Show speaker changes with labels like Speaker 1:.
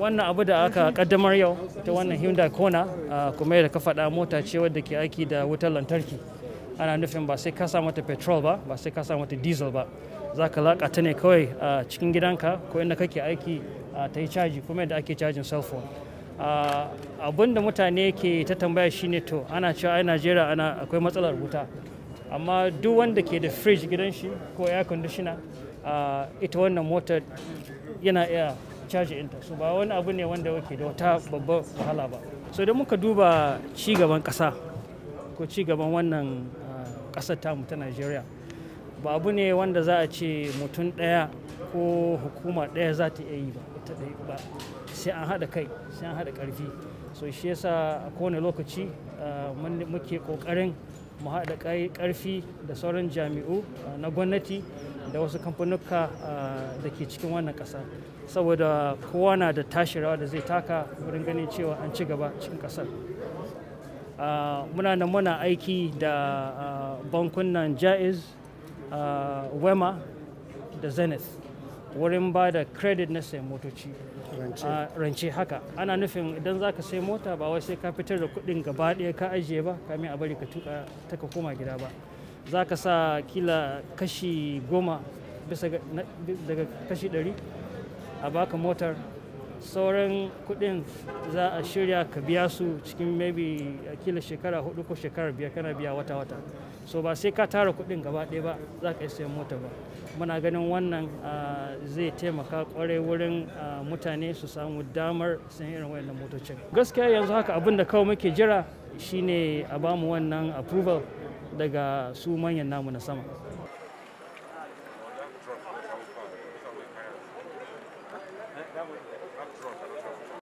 Speaker 1: wannan abu da aka kaddamar yau ta wannan hyundai kona kuma yadda ka faɗa mota ce wadda ke aiki da wutar lantarki ana nufin ba sai ka sa mata petrol ba ba sai ka sa mata diesel ba za ka laƙa ta ne kawai a cikin gidanka ko inda kake aiki ta yi caji kuma yadda ake cajin cell phone abin da mutane ke ta tambaya shine to ana cewa ai najeriya ana akwai matsalar wuta amma duk wanda ke da fridge gidan shi ko air conditioner ita wannan motar yana iya caji ɗinta su ba wani abu ne wanda yake da wata babbar wahala ba so da muka duba ci gaban kasa ko ci gaban wannan ah, ƙasar tamu ta najeriya ba abu ne wanda za a ce mutum ɗaya ko hukuma ɗaya za ta iya yi ba ta ɗaya ba sai an haɗa kai sai an haɗa ƙarfi so shi yasa a kowane lokaci ah, muke ƙoƙarin mu haɗa ƙarfi da sauran jami'u ah, na gwamnati da wasu kamfanuka da ke cikin wannan ƙasa saboda kowa na da tashi rawa da zai taka wurin ganin cewa an ci gaba cikin ƙasar muna nan muna aiki da bankunan jaiz wema da zenith wurin ba da credit na sayan motoci rance haka ana nufin idan za ka sai mota ba wai sai ka fitar da kuɗin gaba ɗaya ka ajiye ba kamin a bari ka tuka ta ka koma gida ba za ka sa kila kashi goma bisa daga kashi ɗari a baka motar sauran kuɗin za a shirya ka biya su cikin maybe kila shekara hudu ko shekara biyar kana biya wata-wata so ba sai ka tara kuɗin gaba ɗaya ba za ka yi sayan mota ba muna ganin wannan zai taimaka kwarai wurin mutane su samu damar sayan irin wayannan motocin gaskiya yanzu haka abin da kawai muke jira shine a bamu wannan approval daga su manyan namu na sama